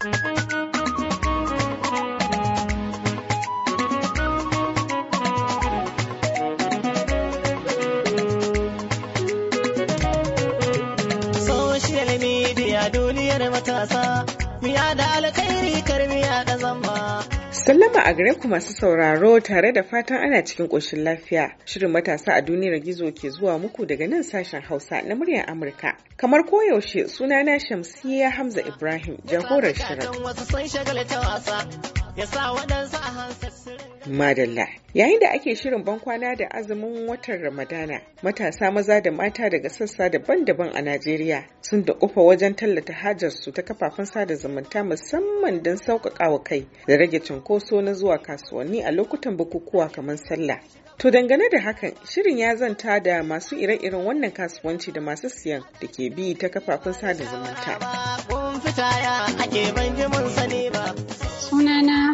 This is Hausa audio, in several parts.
Social media duniyar matasa miya da alkhairi karmiya da zamba. Sallama a gare ku masu sauraro tare da fatan ana cikin ƙoshin lafiya. Shirin matasa a duniyar gizo ke zuwa muku daga nan sashen Hausa na muryar Amurka. Kamar koyaushe na Shamsiyya Hamza Ibrahim jagorar shirin. Madalla. Yayin da ake shirin bankwana da azumin watan Ramadana, matasa maza da mata daga sassa daban-daban a Najeriya sun da kufa wajen tallata hajarsu ta kafafen sada zumunta musamman don wa kai da rage cunkoso na zuwa kasuwanni a lokutan bukukuwa kamar sallah. To dangane da hakan, shirin ya zanta da masu ire-iren wannan kasuwanci da masu siyan da ke bi ta kafafen sada zumunta.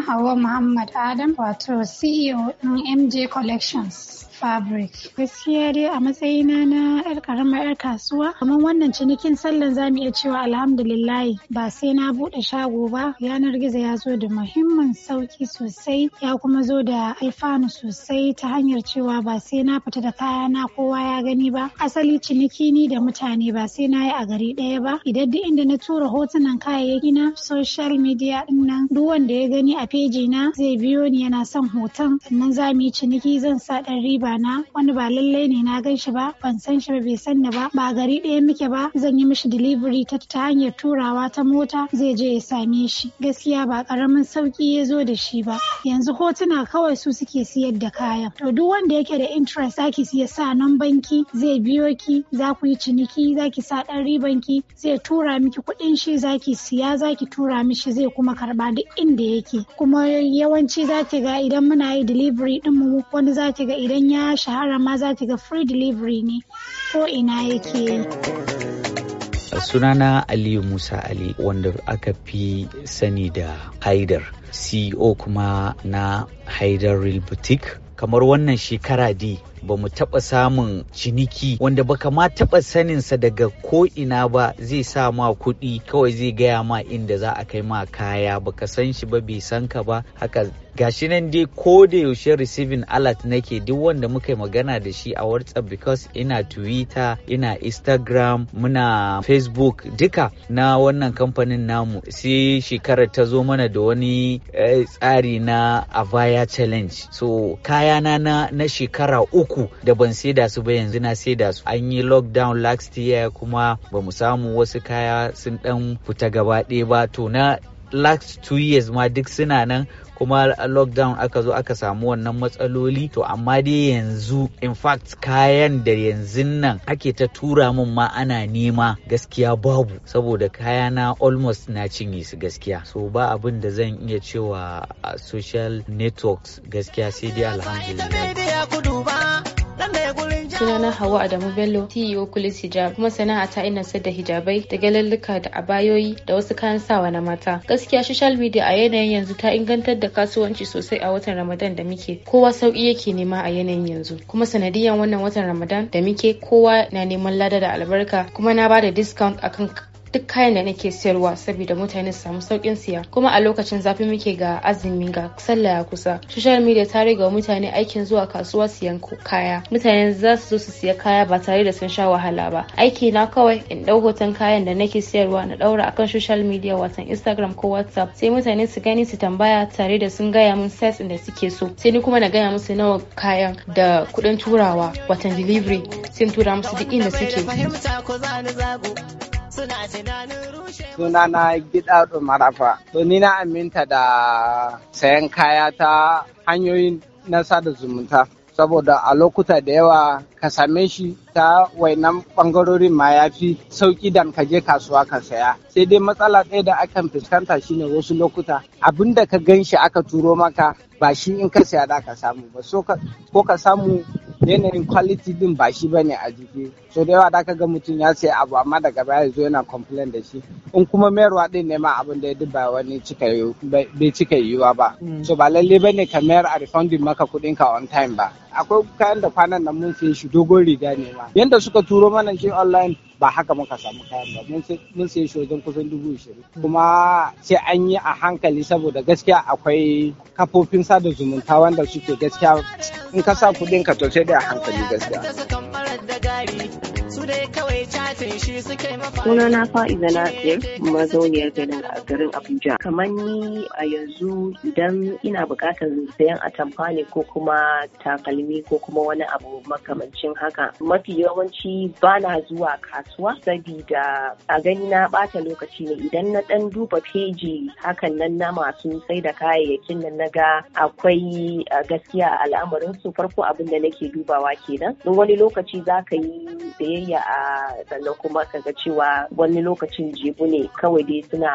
Hauwa Muhammad Adam wato CEO ɗin MJ Collections. fabric gaskiya dai a matsayina na yar karamar yar kasuwa kamar wannan cinikin sallan za mu iya cewa alhamdulillah ba sai na bude shago ba yanar gizo ya zo da muhimman sauki sosai ya kuma zo da alfanu sosai ta hanyar cewa ba sai na fita da kaya na kowa ya gani ba asali ciniki ni da mutane ba sai na yi a gari daya ba idan duk inda na tura hotunan kayayyaki na social media din nan duk wanda ya gani a feji na zai biyo ni yana son hoton sannan za mu yi ciniki zan sa ɗan riba ba na wani ba lallai ne na gan shi ba ban san shi ba bai san ni ba ba gari ɗaya muke ba zan yi mishi delivery ta ta hanyar turawa ta mota zai je ya same shi gaskiya ba karamin sauki ya zo da shi ba yanzu hotuna kawai su suke siyar da kayan to duk wanda yake da interest zaki siya sa nan banki zai biyo ki za ku yi ciniki za ki sa ɗan ribanki zai tura miki kuɗin shi za ki siya za ki tura mishi zai kuma karɓa duk inda yake kuma yawanci zaki ga idan muna yi delivery ɗinmu wani zaki ga idan ya ya shahara ma za ki ga free delivery ne ko ina yake sunana aliyu musa ali wanda aka fi sani da haidar ceo kuma na haidar real boutique kamar wannan shekara di ba mu taɓa samun ciniki wanda baka ma taɓa saninsa daga ko ina ba zai sa ma kuɗi kawai zai gaya ma inda za a kai ma kaya baka san shi ba bai san ka ba haka gashi nan dai ko da yaushe receiving alert nake duk wanda muka yi magana da shi a whatsapp because ina twitter ina instagram muna facebook duka na wannan kamfanin namu sai shekarar ta zo mana da wani eh, tsari na avaya challenge so kayana na na shekara uku uku da ban saida su ba yanzu na saida su an yi lockdown last year kuma ba mu samu wasu kaya sun dan fita gaba ɗaya ba to na last two years ma duk suna nan kuma lockdown aka zo aka samu wannan matsaloli to amma dai yanzu in fact kayan da yanzu nan ake ta tura min ma ana nema gaskiya babu saboda kaya na almost na cinye su gaskiya so ba abin da zan iya cewa social networks gaskiya sai dai alhamdulillah sunana Hawa Adamu Bello e CEO Kulis Hijab kuma sana'a ta ina sayar da hijabai da galalluka da abayoyi da wasu kayan sawa na mata. Gaskiya social media a yanayin yanzu ta ingantar da kasuwanci sosai a watan Ramadan da muke. Kowa sauki yake nema a yanayin yanzu. Kuma sanadiyan wannan watan Ramadan da muke kowa na neman lada da albarka kuma na bada discount akan duk kayan da nake sayarwa saboda mutane su samu saukin siya kuma a lokacin zafi muke ga azumi ga sallah ya kusa social media ta rage wa mutane aikin zuwa kasuwa siyan kaya mutane za su zo su siya kaya ba tare da sun sha wahala ba aiki na kawai in dau hoton kayan da nake sayarwa na daura akan social media watan instagram ko whatsapp sai mutane su gani su tambaya tare da sun gaya mun size da suke so sai ni kuma na gaya musu nawa kayan da kudin turawa watan delivery sai tura musu duk inda suke suna na gida marafa to ni na aminta da sayan kaya ta hanyoyin na sada zumunta saboda a lokuta da yawa ka same shi ta wainan bangarorin ma ya fi sauki dan ka je kasuwa ka saya sai dai matsala ɗaya da akan fuskanta shine wasu lokuta abin da ka gan shi aka turo maka ba shi in ka saya da ka samu ba ko ka samu yanayin quality din ba shi bane a jiki so da yawa da ga mutum ya sai abu amma daga baya ya zo yana complain da shi in kuma mayarwa din ne ma abin da ya duba wani cika bai cika yiwuwa ba mm. so ba lalle bane ka mayar a refunding maka kuɗin ka on time ba akwai kayan da kwanan nan mun saye shi dogon riga ne ma yanda suka turo mana shi online ba haka muka samu kayan ba mun saye shi wajen kusan dubu ishirin kuma sai an yi a hankali saboda gaskiya akwai kafofin sada zumunta wanda suke gaskiya in ka sa kuɗin ka to sai dai a hankali gaskiya. Suna na fa'iza nasir mazauniyar garin a garin Abuja. Kamar ni a yanzu idan ina buƙatar sayan atamfa ne ko kuma takalmi ko kuma wani abu makamancin haka. Mafi yawanci ba na zuwa kasuwa sabida a gani na ɓata lokaci ne idan na ɗan duba feji hakan nan na masu sai da kayayyakin nan naga akwai gaskiya a al'amarin su farko abin da nake dubawa kenan. Wani lokaci za ka yi sayayya lafiya a sannan kuma kaga cewa wani lokacin jebu ne kawai dai suna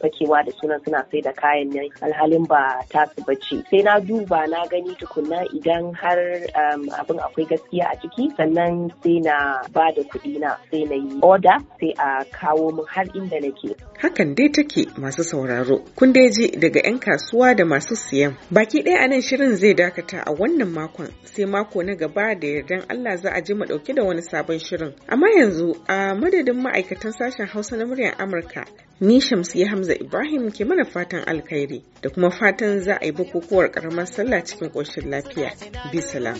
fakewa da sunan suna sai da kayan nan alhalin ba ta su bace sai na duba na gani tukunna idan har um, abin akwai gaskiya a ciki sannan sai na ba da kuɗi na sai na yi oda sai a kawo min har inda nake hakan dai take masu sauraro kun dai ji daga 'yan kasuwa da masu siyan baki ɗaya anan shirin zai dakata a wannan makon sai mako na gaba da yardan Allah za a ji mu ɗauke da wani sabon shirin Amma yanzu a madadin ma'aikatan sashen Hausa na muryar Amurka ni ya Hamza Ibrahim ke mana fatan alkhairi da kuma fatan za a yi bukukuwar karamar sallah cikin ƙoshin lafiya. Bisalam.